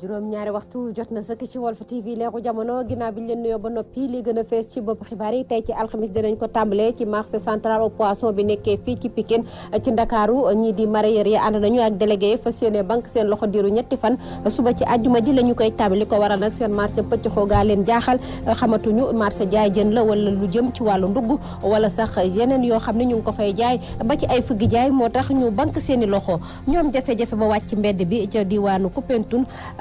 juróom-ñaari waxtu jot na sëkk ci Walf TV leeru jamono ginnaaw bi ñu leen ba noppi li a ci bopp xibaar yi tey ci alxamis dinañ ko tàmbalee ci marché central au poisson bi nekkee fii ci Pikine ci Ndakaaru ñii di mareyeur yi ànd nañu ak délégué fas yéene banque seen loxo diiru ñetti fan suba ci àjjuma ji la ñu koy tàmbali ko waral nag seen marché pëcc xoogaa leen jaaxal xamatuñu marché jaay jën la wala lu jëm ci wàllu ndugg wala sax yeneen yoo xam ne ñu ngi ko ba ci ay fëgg jaay moo tax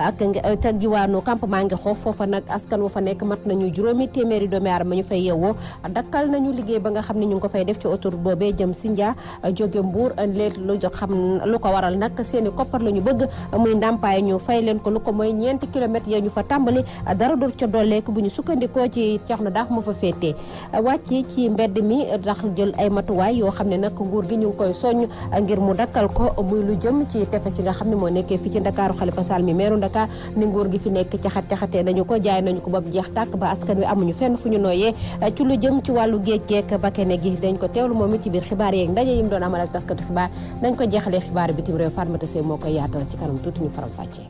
ak ca eh, diwaanu campement ngi xoof foofa nag askan wa fa nekk mat nañu juróomi téeméeri doomi ma ñu fay yeewoo dakkal nañu liggéey ba nga xam ne ñu ngi ko fay def ci autoroute boobee jëm si Sindia eh, jóge Mbour eh, léeg lu xam lu ko waral nag seen koppar la ñu bëgg muy ndàmpaay ñu fay leen ko lu ko mooy ñeenti kilomètres ya ñu fa tàmbali dara du ca dolleeku bu ñu sukkandikoo ci cox na mu fa féetee wàcc ci mbedd mi ndax jël ay matuwaay yoo xam ne nag nguur gi ñu ngi koy soññ ngir mu dakkal ko muy lu jëm ci tefes yi nga xam ne moo nekkee fii ci Ndakaaru Xalifa Sall mi meeru naka ni nguur gi fi nekk caxat caxatee nañu ko jaay nañu ko ba mu jeex tàkk ba askan wi amuñu fenn fu ñu nooyee ci lu jëm ci wàllu géej geek bakkene gi dañ ko teewlu moom it ci biir xibaar yeeg ndaje yi doon amal ak taskatu xibaar dañ ko jeexalee xibaar bitim réew Fatmata Sey moo koy yaatal ci kanam tuuti ñu faram fàccee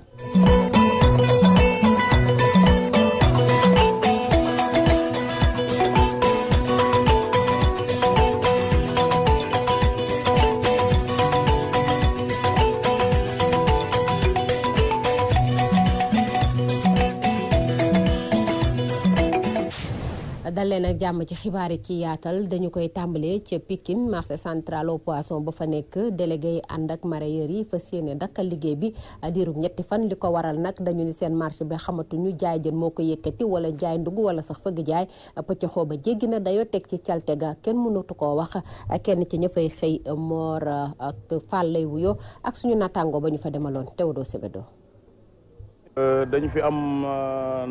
leen ak jàmm ci xibaar yi ci yaatal dañu koy tàmbalee ca Pikine marché central au poisson ba fa nekk délégué yi ànd ak mareyeur yi fa yéene dakkal liggéey bi diirub ñetti fan li ko waral nag dañu ni seen marché bi xamatuñu jaay jën moo ko yëkkati wala jaay ndugg wala sax fëgg jaay pëcc ba jéggi na dayoo teg ci calte ga kenn mënatu koo wax kenn ci ña fay xëy moor ak Fall lay wuyoo ak suñu naataangoo ba ñu fa demaloon Théodore Sebedo. Euh, dañu fi am euh,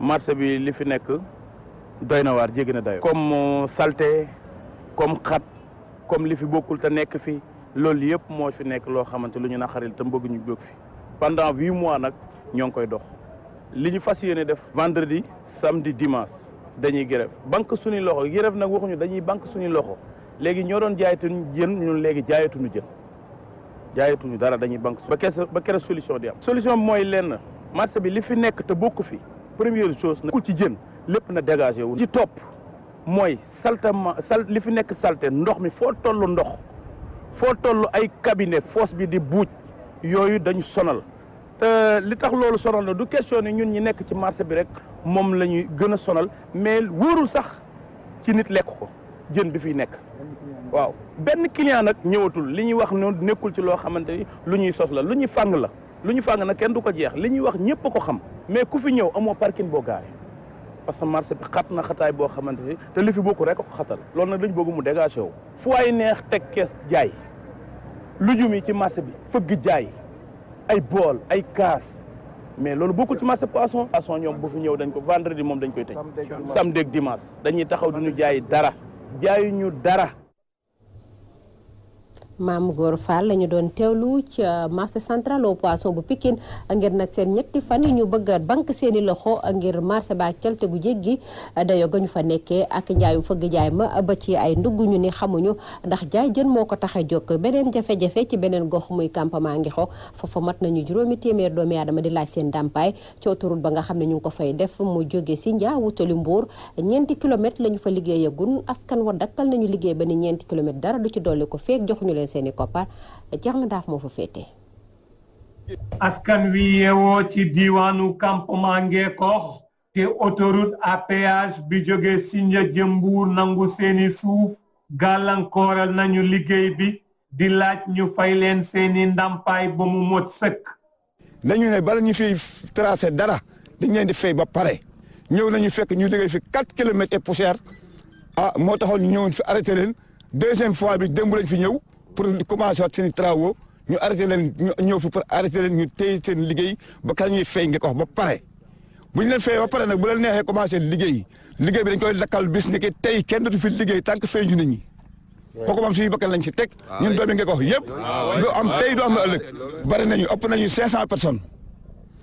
marché bi li fi nekk doy na waar jéggi na dayo comme salte comme xat comme li fi bokkul te nekk fi loolu yëpp moo fi nekk loo xamante lu ñu naqaril te bëgg ñu jóg fi pendant huit mois nag ñoo ngi koy dox li ñu fas yéene def vendredi samedi dimanche dañuy grève banque suñuy loxo grève nag waxuñu dañuy banque suñuy loxo léegi ñoo doon jaayatuñu jën ñun léegi jaayatuñu jën jaayatuñu dara dañuy banque ba kees ba keroog solution di am solution mooy lenn marché bi li fi nekk te bokku fi première chose na ku ci jën lépp na dégagé wu. ci topp mooy saltama li fi nekk salte ndox mi foo toll ndox foo toll ay cabinet fosse bi di buuj yooyu dañu sonal te li tax loolu sonal na du question ni ñun ñi nekk ci marché bi rek moom la ñuy gën a sonal mais wóorul sax ci nit lekk ko jën bi fiy nekk waaw benn client nag ñëwatul li ñuy wax noonu nekkul ci loo xamante ni lu ñuy sos la lu ñuy fàng la lu ñu fàng nag kenn du ko jeex li ñuy wax ñëpp ko xam mais ku fi ñëw amoo parking boo gaare parce que marché bi xat na xataay boo xamante ni te li fi bokk rek ko xatal loolu nag lañ bëgg mu dégagé wu. fu waay neex teg kees jaay lujum yi ci marché bi fëgg jaay ay bool ay kaas mais loolu bokkul ci marché poisson. poisson ñoom bu fi ñëw dañ ko vendredi moom dañ koy tëj. samedi ak dimanche dañuy taxaw duñu jaay dara jaay ñu dara. Maam Góor Fall la ñu doon teewlu ci marché central au poisson bu Pikine ngir nag seen ñetti fan yi ñu bëgg a banque seeni i loxo ngir marché baa calte gu jéggi dayoo ga ñu fa nekke ak njaayu fëgg jaay ma ba ci ay ndugg ñu ni xamuñu ndax jaay jën moo ko tax a jóg beneen jafe ci beneen gox muy campement ngi xo foofa mat nañu juróomi téeméer doomi aadama di laaj seen dàmpaay ci autoroute ba nga xam ne ñu ngi ko fay def mu jóge Sindia wutali Mbour ñeenti kilomètres la ñu fa liggéeyagun askan wa dakkal nañu liggéey ba ni ñeenti kilomètres dara du ci dolli ko feek joxuñu leen seeni i koppar Thierno askan wi yeewoo ci diwaanu campement Ngeekoox te autoroute à bi jóge Sinja jëm Mbuur nangu seeni suuf gàllankooral nañu liggéey bi di laaj ñu fay leen seeni ndàmpaay ba mu mot sëkk. dañu ne bala ñu fi tracé dara dañ leen di fay ba pare ñëw nañu fekk ñu liggéey fi 4 kilomètres et poussière ah moo taxoon ñu ñëwoon fi arrêté leen deuxième fois bi démb lañ fi ñëw. pour commencé waat seen travaux ñu arrêté leen ñu ñëw fi pour arrêté leen ñu téye seen liggéey ba kañ ñuy fay nga ko wax ba pare. bu ñu leen fayee ba pare nag bu leen neexee commencé liggéey liggéey bi dañ koy lakkal bis ni ki tey kenn dootu fi liggéey tant que fay ñu nit ñi. kooku moom suñu bakkan lañ si teg ah ñun doomi nga ko wax yëpp du ah am tey du am ëllëg ah nañu ëpp nañu cinq cent personnes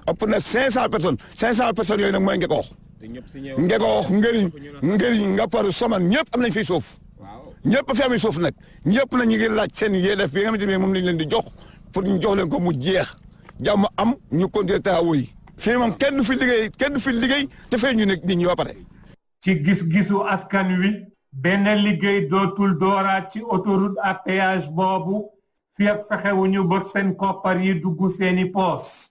ëpp na cinq cent personnes cinq cent personnes yooyu nag mooy nga ko wax nga nga paru soman ñëpp am nañ fiy ñëpp fi amee suuf nag ñëpp na ñu ngi laaj seen yelleef bi nga xamante ne moom lañ leen di jox pour ñu jox leen ko mu jeex jàmm am ñu continuer taxawu yi fii moom kenn du fi liggéey kenn du fi liggéey ñu ne nit ñi ba pare. ci gis-gisu askan wi benn liggéey dootul dooraat ci autoroute à péage boobu fi ak fexe wu ñu bëgg seen koppar yi dugg seeni poos.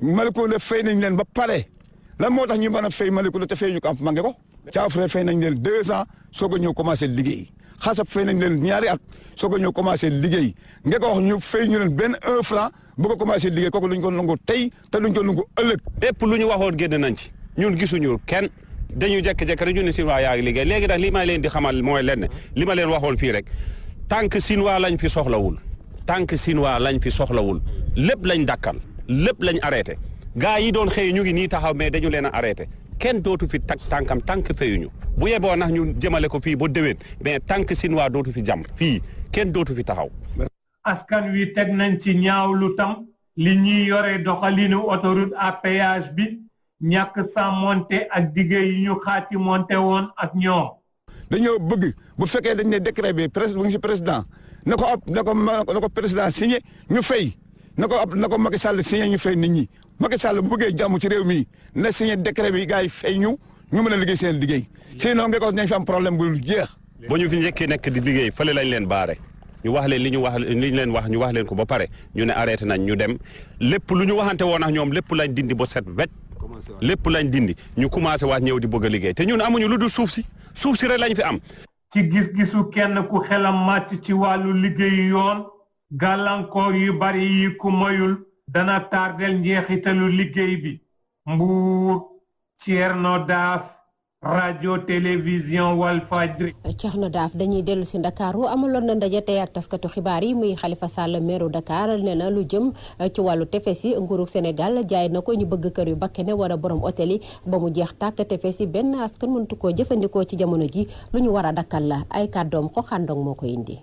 Malicounda fay nañ leen ba pare lan moo tax ñu mën a fay Malicounda te fay ñu ko am mànge ko. caafure fay nañ leen deux ans soog a ñëw commencé liggéey. xasab fay nañ leen ñaari at soo ko ñëw commencé liggéey nga ko wax ñu fay ñu leen benn un franc bu ko ko lu kooku luñ ko nangu tey te luñ ko nangu ëllëg. lépp lu ñu waxoon génn nañ ci ñun gisuñu kenn dañu jékki-jékki rek ñu ne Sinwaa yaa ngi liggéey léegi nag li ma leen di xamal mooy lenn li ma leen waxoon fii rek tant que Sinwaa lañ fi soxlawul tant que Sinwaa lañ fi soxlawul lépp lañ dakkal lépp lañ arrêté gaa yi doon xëy ñu ngi nii taxaw mais dañu leen a arrêté kenn dootu fi tag tànkam tànk fayuñu bu yeboo nax ñu jëmale ko fii boo déwén mais tant que Sinwaa dootu fi jam fii kenn dootu fi taxaw. askan wi teg nañ ci ñaaw lu tam li ñuy yore doxalinu autoroute à péage bi ñàkk sa monté ak diggé yi ñu xaati monté woon ak ñoom. dañoo bëgg bu fekkee dañ ne décret bi presse bu ngi si président na ko ab na ko na ko président signé ñu fay na ko ab na ko Macky Sall signé ñu fay nit ñi Macky Sall bu bëggee jàmm ci réew mi na signé décret bi gars yi fay ñu. ñu mën a liggéey seen liggéey sinon Ngékos nañ fi am problème bu jeex. ba ñu fi njëkkee nekk di liggéey fële lañ leen baare ñu wax leen li ñu wax li leen wax ñu wax leen ko ba pare ñu ne arrêté nañ ñu dem lépp lu ñu waxante woon ak ñoom lépp lañ dindi ba set wecc lépp lañ dindi ñu commencé waat ñëw di bëgg a liggéey te ñun amuñu lu dul suuf si suuf si rek lañ fi am. ci gis-gisu kenn ku xelam màcc ci wàllu liggéey yoon gàllankoor yu bari yi ku moyul dana tardel njeexitalu liggéey bi mbuur Thierno Daaf radio télévision dañuy dellu si Ndakaaru amaloon na ndaje tey ak taskatu xibaar yi muy xalifa Sall meeru Dakar nee lu jëm eh, ci wàllu tefes yi senegal Sénégal jaay na ko ñu bëgg kër yu bakkene wala borom hôtel yi ba mu jeex tàkk tefes yi benn askan mëntu koo jëfandikoo ci jamono ji lu ñu war a dakkal la ay kàddoom xoxandong moo ko indi.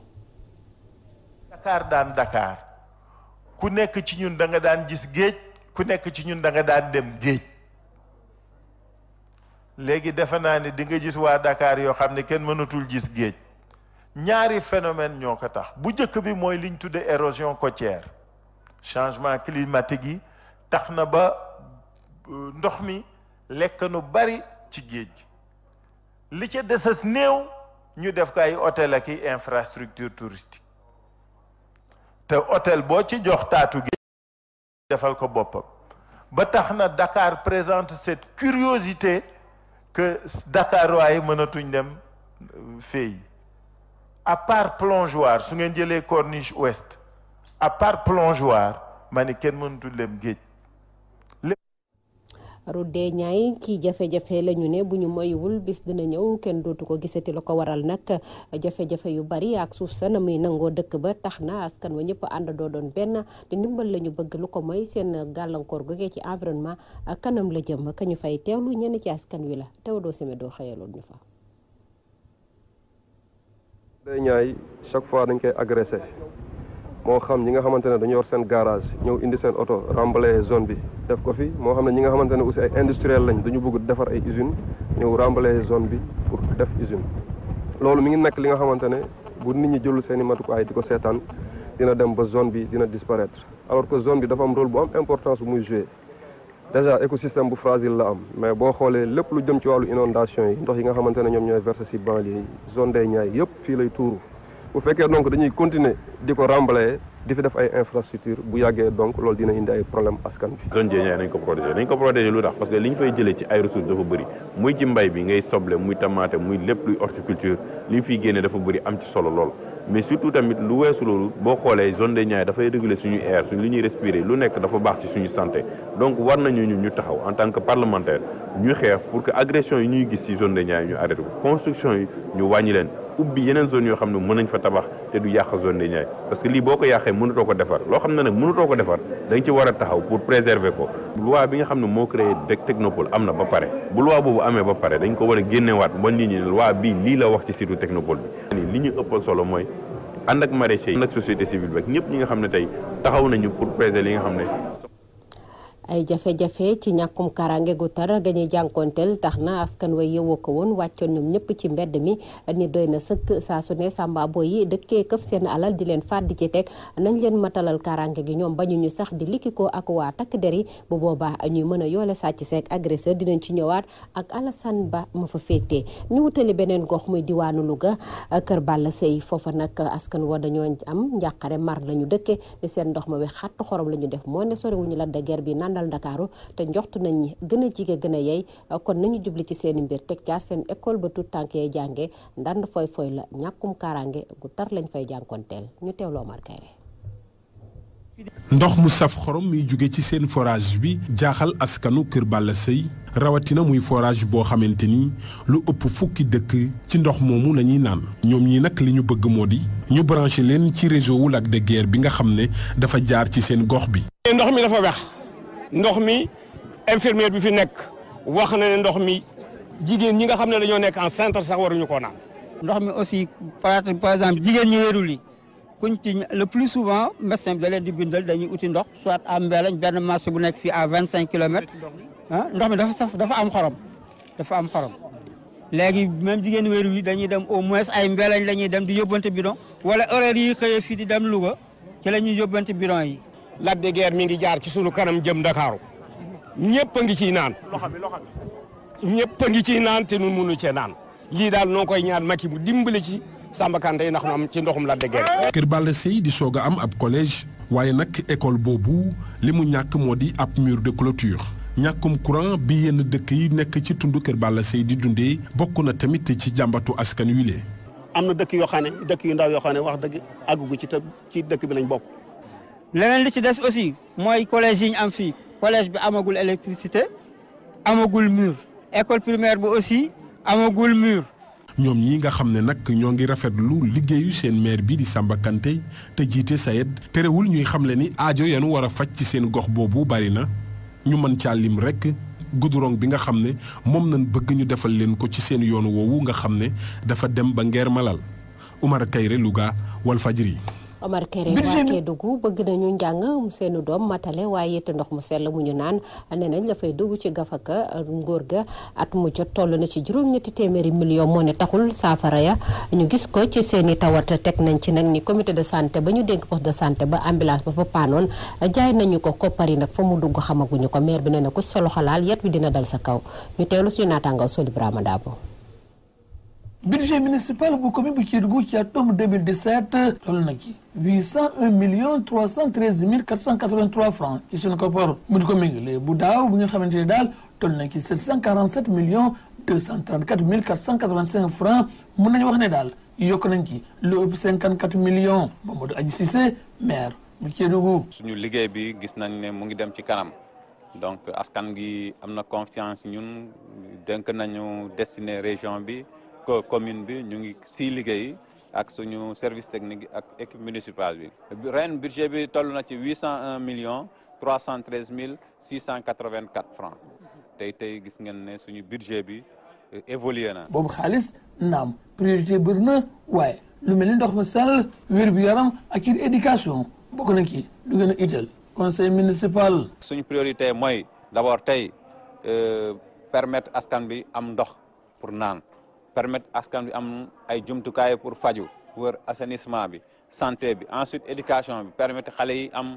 nekk ci ñun ku nekk ci ñun da léegi defe naa ne di nga gis waa Dakar yoo xam ne kenn mënatul gis géej ñaari phénomène ñoo ko tax bu njëkk bi mooy liñ tudde érosion côtière changement climatique yi tax na ba euh, ndox mi lekk nu bari ci géej li ca desas néew ñu def ko ay hôtel ak i infrastructure touristique te hôtel boo ci jox taatu géej defal ko boppam ba tax na Dakar présente cette curiosité que Dakar mënatuñ dem euh, fii à part plongeoir su ngeen jëlee corniche ouest à part plongeoir ma ne kenn mënatul dem géej rudee ñaay ci jafe-jafe la ne bu ñu moyewul bis dina ñëw kenn dootu ko gisati la ko waral nag jafe-jafe yu bari ak suuf sa na muy nangoo dëkk ba tax na askan wa ñëpp àndandoo doon benn te ndimbal la ñu bëgg lu ko moy seen gàllankoor googee ci environnement kanam la jëm ka ñu fay teewlu ñenn ci askan wi la teew doo seme doo xëyaloon ñu fa. moo xam ñi nga xamante ne dañu yor seen garage ñëw indi seen oto remblayer zone bi def ko fi moo xam ne ñi nga xamante ne aussi ay industriel lañ dañu bëgg defar ay usine ñëw remblayer zone bi pour def usine loolu mi ngi nekk li nga xamante ne bu nit ñi jëlul seen i matukaay di ko seetaan dina dem ba zone bi dina disparaître alors que zone bi dafa am rôle bu am importance bu muy joué déjà écosystème bu fragile la am mais boo xoolee lépp lu jëm ci wàllu yi ndox yi nga xamante ne ñoom ñooy versé si banlieue yi yëpp fii lay tuuru bu fekkee donc dañuy continuer di ko remblayer di fi def ay infrastructure bu yàggee donc loolu dina indi ay problème askan bi zone Guédiawaye nañ ko protéger nañ ko protéger lu tax parce que li ñu fay jëlee ci ay ressources dafa bëri muy ci mbay bi ngay soble muy tamaate muy lépp luy horticulture li ñu fiy génnee dafa bëri am ci solo lool mais surtout tamit lu weesu loolu boo xoolee zone de Niayes dafay réguler suñu air suñu li ñuy respirer lu nekk dafa baax ci suñu santé donc war nañu ñu ñu taxaw en tant que parlementaire ñuy xeex pour que agression yi ñuy gis ci zone de ñu arrêté ko construction yi ñu wàññi leen ubbi yeneen zone yoo xam ne mën nañ fa tabax te du yàq zone de Niayes parce que lii boo ko yàqee mënutoo ko defar loo xam ne nag mënutoo ko defar da ci war a taxaw pour préserver ko loi bi nga xam ne moo créé dëkk technopole am na ba pare bu loi boobu amee ba pare dañ ko war a génnewaat ba nit ñi loi bii lii la wax ci surtout technopole bi li ñu ëppal solo mooy ànd ak maraîchers yi ànd ak société civile ñëpp ñi nga xam ne tey taxaw nañu pour préserver li nga xam ne ay jafe-jafe ci ñàkkum karange gu tara ga ñuy jànkonteel tax na askan way yëwoo ko woon wàccoon ñoom ñëpp ci mbedd mi ni doy na sëkk saa su ne sàmba boy yi dëkkee këf seen alal di leen fàdd ci teg nañ leen matalal karange gi ñoom bañu ñu sax di likkikoo ak waa takk der yi bu boobaa ñuy mën a yoole sàcc seek agresseur dinañ ci ñëwaat ak Alassane Ba ma fa féetee ñu wutali beneen gox muy diwaanu Louga kër Balla Sey foofa nag askan wa dañoo am njàqare mar la ñu dëkkee seen ndox ma we xatt xorom la ñu def moo ne sori wuñu la de guerre bi nan national Ndakaaru te njoxtu nañ ñi gën a jige gën a yey kon nañu jubli ci seen i teg caar seen école ba tànk yee jànge ndand fooy fooy la ñàkkum kaaraange gu tar lañ fay jànkonteel ñu teewloo Omar Kayre ndox mu saf xorom muy jóge ci seen forage bi jaaxal askanu Kër Balla Sëy rawatina muy forage boo xamante ni lu ëpp fukki dëkk ci ndox moomu la ñuy naan ñoom ñi nag li ñu bëgg moo di ñu branché leen ci réseau wu Lac de bi nga xam ne dafa jaar ci seen gox bi ndox mi infirmière bi fi nekk wax na ne ndox mi jigéen ñi nga xam ne la ñoo nekk en centre sax waruñu ko naan. ndox mi aussi par exemple jigéen ñi wéerul yi kuñ ci le plus souvent médecin bi leen di bindal dañuy uti ndox soit à Mbelañ benn marché bu nekk fii à vingt cinq kilomètres ah ndox mi dafa saf dafa am xorom dafa am xorom léegi même jigéen wéerul yi dañuy dem au moins ay Mbelañ la ñuy dem di yóbbante bidon wala horaire yi xëyee fii di dem Louga ci la ñuy yóbbante bidon yi Lac de mi ngi jaar ci sunu kanam jëm Ndakaaru ñëpp a ngi ciy naan ñëpp a ngi ciy naan te nun mënu cee naan lii daal noo koy ñaan yi mu dimbali ci Samba yi ndax mu am ci ndoxum Lac de Kër Balla Seye di soog a am ab collège waaye nag école boobu li mu ñàkk moo di ab mur de clôture ñàkkum courant bi yenn dëkk yi nekk ci tund Kër Balla Seye di dundee bokk na tamit ci jàmbatu askan wi am na dëkk yoo xam ne dëkk yu ndaw yoo xam ne wax dëgg àggugu ci ci dëkk bi lañ bokk leneen li ci des aussi mooy collège yi ñu am fii collège bi amagul électricité amagul mur école primaire bi aussi amagul mur. ñoom ñi nga xam ne nag ñoo ngi rafet lu liggéeyu seen maire bi di Samba te jiite SAED terewul ñuy xamle ni aajo yanu war a faj ci seen gox boobu bari na ñu mën caa lim rek goudron bi nga xam ne moom nañ bëgg ñu defal leen ko ci seen yoon woowu nga xam ne dafa dem ba Ngeer Malal Umar Kayre Louga Walfadjri Omar Kéré waa Kédougou bëgg nañu njàng mu seenu doom matale waaye te ndox mu sell mu ñu naan nee nañ dafay dugg ci gafaka ngóor ga at mu jot toll na ci juróom téeméeri million moo ne taxul saafara ya ñu gis ko ci seen i tawat teg nañ ci nag ni comité de santé ba ñu dénk poste de santé ba ambulance ba fa paanoon jaay nañu ko koppar yi nag fa mu dugg xamaguñu ko maire bi nee na ko ci sa loxo laal yet bi dina dal sa kaw ñu teewlu suñu naataangoo Soli Brahima Dabo budget municipal bu commune bu Kédougou ci atum 2017 toll na ci 801 millions 313 mille 483 francs ci suñu koppar mu di ko méngale bu daaw bu nga xamante ne daal toll na ci 747 millions 234 mille 485 francs mën nañu wax ne daal yokk nañ ci lu ëpp 54 millions Mamadou Adji Cissé maire bu Kédougou. suñu liggéey bi gis nañ ne mu ngi dem ci kanam. donc askan gi am na confiance ñun dénk nañu destiné région bi commune bi ñu ngi si liggéey ak suñu service technique ak équipe municipale bi ren budget bi toll na ci huit cent un million trois cent treize mille six cent quatre vingt quatre francs tey tey gis ngeen ne suñu budget bi euh, évolué na. boobu xaalis naam priorité bëri na waaye lu mel ni ndox mi sell wér bu yaram ak it éducation bokk na ci lu gën a itteel conseil municipal. suñu priorité mooy d'abord tey euh, permettre askan bi am ndox pour naan. permettre askan bi am ay jumtukaay pour faju wër assainissement bi santé bi ensuite éducation bi permettre xale yi am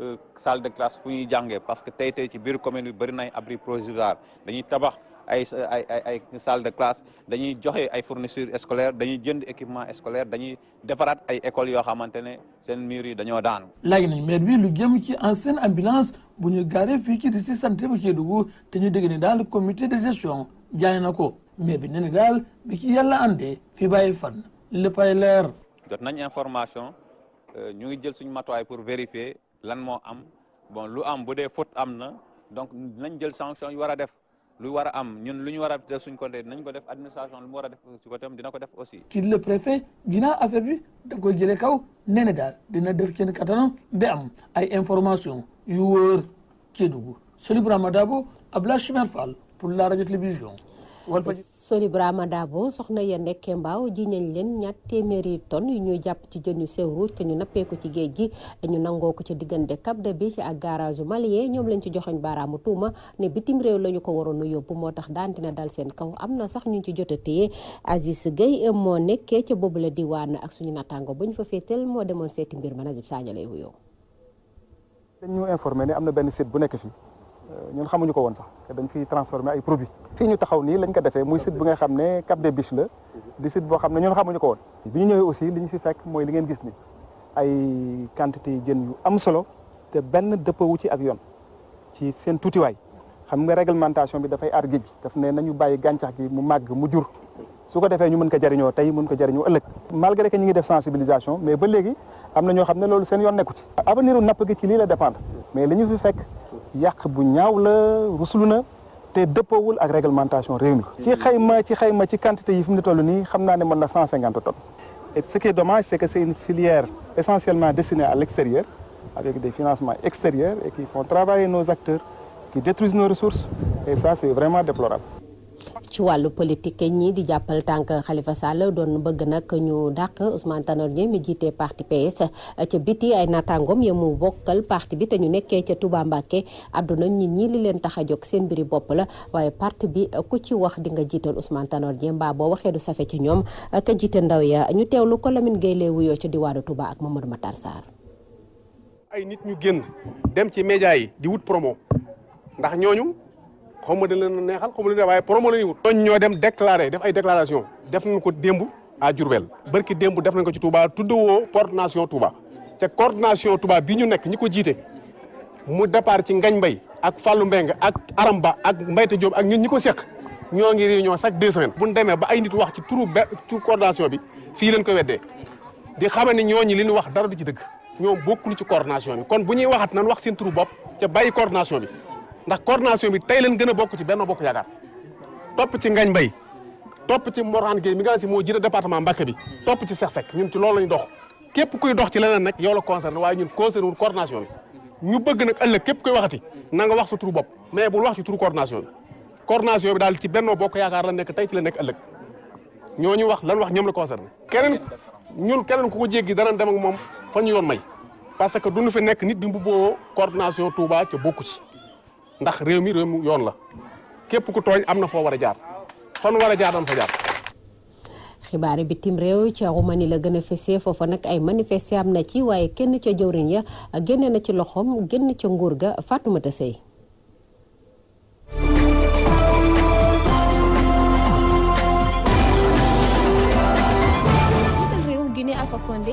euh, salle de classe fu ñuy jàngee parce que tey tey ci biir commune bi bëri nay abri provisoire dañuy tabax ay ay ay salle de classe dañuy joxe ay fourniture scolaire dañuy jënd équipement scolaire dañuy defaraat ay écoles yoo xamante ne seen murs yi dañoo daanu. laaj nañ maire bi lu jëm ci ancienne ambulance bu ñu fii ci di si santé bu Kédougou te ñu dégg ne daal comité de na ko. mais bi ne daal bi ci yàlla àndee fi bàyyi fan léppay leer. jot nañ information euh, ñu ngi jël suñu matuwaay pour vérifier lan moo am bon lu am bu de faute am na donc nañ jël sanction yi war a def lu war a am ñun lu ñu war a def suñ côté nañ ko def administration lu mu war a def ci côté am dina ko def aussi. kii le préfet ginnaaw affaire bi da koy jëlee kaw nee dina def kenn kattanam ba am ay information yu wóor Kédougou Soli Brahma Dabo Abdoulaye Chimère Fall pour la radio télévision. Sori Brahma Dabo soxna ya nekkee mbaaw ji nañ leen ñaat téeméeri tonnes yu ñuy jàpp ci jën yu sew ruuj te ñu nappeeku ci géej gi ñu nangoo ko ci diggante Cap de Biche ak garage malien ñoom lañ ci joxoñ baaraamu tuuma ne bitim réew la ñu ko waroon a yóbbu moo tax daan na dal seen kaw am na sax ñu ci jot a téye Aziz Gueye moo nekkee ca boobu la diwaan ak suñu nattaango bu ñu fa féetal moo demoon seeti mbir ma Nazib Sagna lay wuyoo. dañ ñu informé ne am na benn site bu nekk ñun xamuñu ko woon sax te dañ fiy transformé ay produits. fii ñu taxaw nii lañ ko defee muy site bi nga xam ne Cap des Biches la di site boo xam ne ñun xamuñu ko woon. bi ñu ñëwee aussi li ñu fi fekk mooy li ngeen gis ni ay quantité jën yu am solo te benn dëppawu ci ak yoon ci seen tuutiwaay xam nga réglementation bi dafay aar géej gi daf ne nañu bàyyi gàncax gi mu màgg mu jur su ko defee ñu mën ko jariñoo tey mën ko jariñoo ëllëg malgré que ñu ngi def sensibilisation mais ba léegi am na ñoo xam ne seen yoon nekku ci avenir u napp gi ci lii la fekk yàq bu ñaaw la ruslu na te dëppoowul ak réglementation réew mi ci xayma ci xayma ci quantité yi fi mu ne toll nii xam naa ne mën na cent cinquante tonnes et ce qui est dommage c' une filière essentiellement destinée à l' extérieur avec des financements extérieurs et qui font travailler nos acteurs qui détruisent nos ressources et ça c' vraiment déplorable ci wàllu politique ñii di jàppal tànk Khalifa Sall doon bëgg nag ñu dàq Ousmane Tanor mi jiite parti PS ca biti ay nataangoom ya mu bokkal parti bi te ñu nekkee ca Touba Mbacké àdduna nit ñi li leen tax a jóg seen mbiri bopp la waaye parti bi ku ci wax di nga jiital Ousmane Tanor mbaa boo waxee du safe ci ñoom ka jiite ndaw ya ñu teewlu ko Lamine Gueye lay wuyoo ca diwaanu Touba ak Mamadou Matar Sarr. ay nit ñu génn dem ci média yi di xaw ma dañ leen neexal xaw ma leen waaye promo la ñuy wut. ñooñu ñoo dem déclaré def ay déclaration def nañ ko démb à Diourbel barki démb def nañ ko ci Touba tudd woo coordination Touba te coordination Touba bi ñu nekk ñi ko jiite mu départ ci Ngañ Mbay ak Fallou Mbeng ak aram ba ak Mbayte joob ak ñun ñi ko seq ñoo ngi réunion chaque deux semaines. bu ñu demee ba ay nit wax ci turu be ci coordination bi fii leen ko weddee di xamal ne ñooñu li nu wax dara du ci dëgg ñoom bokkul ci coordination bi kon bu ñuy waxat nan wax seen bopp ca bàyyi coordination bi. ndax coordination bi tey leen gën a bokk ci benn bokk yaakaar topp ci ngañ mbay topp ci Morane Gueye mi nga xam si moo jiite département Mbacké bi topp ci Seck Seck ñun ci loolu lañ dox képp kuy dox ci leneen nag yow la concerné waaye ñun concerné wul coordination bi ñu bëgg nag ëllëg képp koy waxati na nga wax sa turu bopp mais bul wax ci turu coordination bi coordination bi daal ci Benno Bokk Yaakaar la nekk tey ci la nekk ëllëg ñooñu wax lan wax ñoom la concerné keneen ñun keneen ku ko jéggi danañ dem moom fa ñu yoon may parce que duñu fi nekk nit bi mbubboo coordination Touba bokku ci ndax réew mi réew mi yoon la képp ku tooñ am na foo war a jaar fan war a jaar dama fa jaar. xibaari bitim réew ca Roumanie la gën a fesee foofa nag ay manifesté am na ci waaye kenn ca jëwriñ ya génne na ci loxoom génn ca nguur ga Fatoumata Seye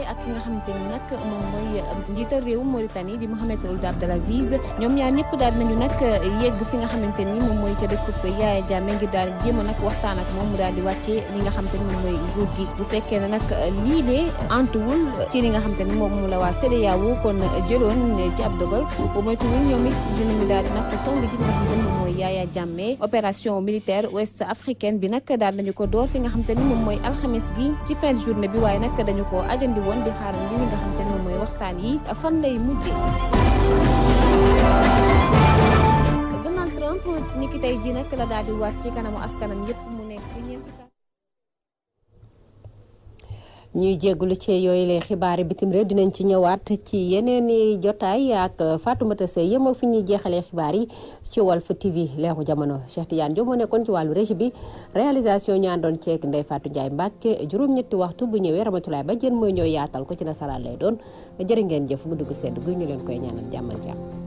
ak ki nga xamante ni nag moom mooy euh, njiital réew Mauritanie di Mohamed Ould Abdelaziz ñoom ñaar ñëpp daal nañu nag euh, yegg fi nga xamante ni moom mooy ca dëkkub Yaya Jammeh ngir daal jéem a nag waxtaan ak moom mu daal di wàccee li nga xamante ni moom mooy nguur gi bu fekkee ne nag euh, lii dee antuwul ci li nga xamante ni moom mu la waa CEDEAO kon jëloon ci ab dogal bu moytuwul ñoom it dinañu daal di nag song ji nga xamante ni moom mooy Yaya Jammeh opération militaire ouest africaine bi nag daal nañu ko door fi nga xam xamante ni moom mooy alxames gi ci fin de journée bi waaye nag dañu ko ajandi woon yoon di xaar li nga xam te ne moom mooy waxtaan yi fan lay mujjee. Donald Trump ni ki tey jii nag la daal di waat ci kanamu askanam yëpp. ñuy jéggulu ci yooyu xibaar xibaari bitim réew dinañ ci ñëwaat ci yeneen i jotaay ak Fatoumata Seye yem ak fi ñuy jeexalee xibaar yi ci Walf TV leeru jamono Cheikh Tidiane Diop moo nekkoon ci wàllu régie bi réalisation ñu doon ceeg Ndeye Fatou Ndiaye Mbacke juróom-ñetti waxtu bu ñëwee Ramatoulaye ba jeen mooy ñooy yaatal ko ci nasaraan lay doon jërë ngeen jëf guddi gu sedd gu ñu leen koy ñaanal jàmm ak